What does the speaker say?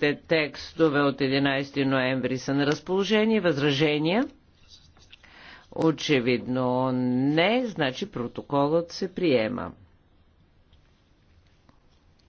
Те текстове от 11 ноември са на разположение. Възражения? Очевидно не, значи протоколът се приема.